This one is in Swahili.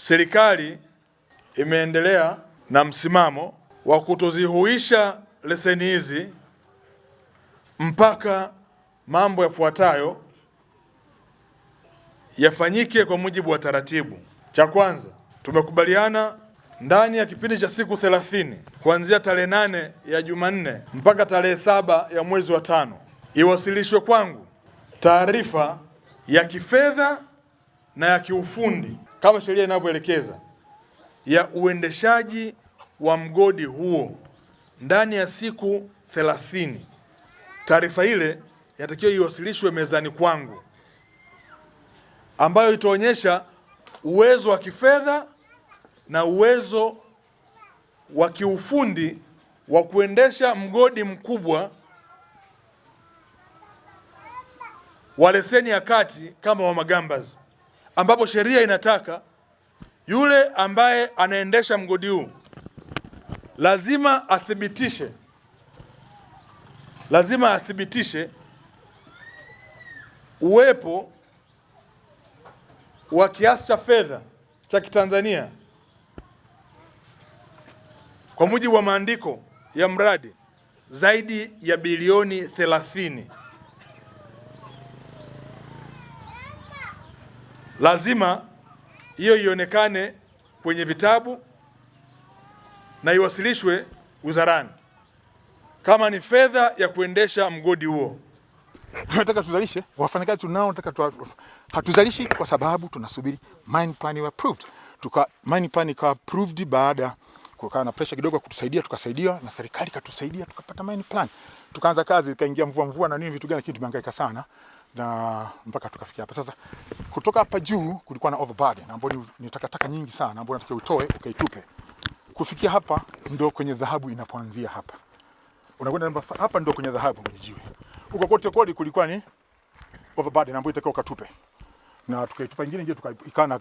Serikali imeendelea na msimamo wa kutozihuisha leseni hizi mpaka mambo yafuatayo yafanyike kwa mujibu wa taratibu. Cha kwanza, tumekubaliana ndani ya kipindi cha siku thelathini kuanzia tarehe nane ya Jumanne mpaka tarehe saba ya mwezi wa tano iwasilishwe kwangu taarifa ya kifedha na ya kiufundi kama sheria inavyoelekeza ya uendeshaji wa mgodi huo ndani ya siku thelathini. Taarifa ile inatakiwa iwasilishwe mezani kwangu, ambayo itaonyesha uwezo wa kifedha na uwezo wa kiufundi wa kuendesha mgodi mkubwa wa leseni ya kati kama wa Magambazi ambapo sheria inataka yule ambaye anaendesha mgodi huu lazima athibitishe, lazima athibitishe uwepo wa kiasi cha fedha cha Kitanzania kwa mujibu wa maandiko ya mradi zaidi ya bilioni 30. lazima hiyo ionekane kwenye vitabu na iwasilishwe wizarani kama ni fedha ya kuendesha mgodi huo. Tunataka tuzalishe, wafanyakazi tunao, tunataka hatuzalishi kwa sababu tunasubiri mine plan approved, tuka mine plan ikawa approved baada kukawa na pressure kidogo kutusaidia, tukasaidiwa na serikali katusaidia, tukapata mine plan, tukaanza kazi, ikaingia mvua mvua na nini vitu gani, lakini tumehangaika sana na mpaka tukafikia hapa. Sasa kutoka hapa juu kulikuwa na overburden ambayo ni takataka nyingi sana ambayo natakiwa utoe ukaitupe. Kufikia hapa ndo kwenye dhahabu inapoanzia hapa. Unakwenda hapa ndo kwenye dhahabu kwenye jiwe. Huko kote kote kulikuwa ni overburden ambayo itakao ukatupe. Na tukaitupa nyingine nje tukaikana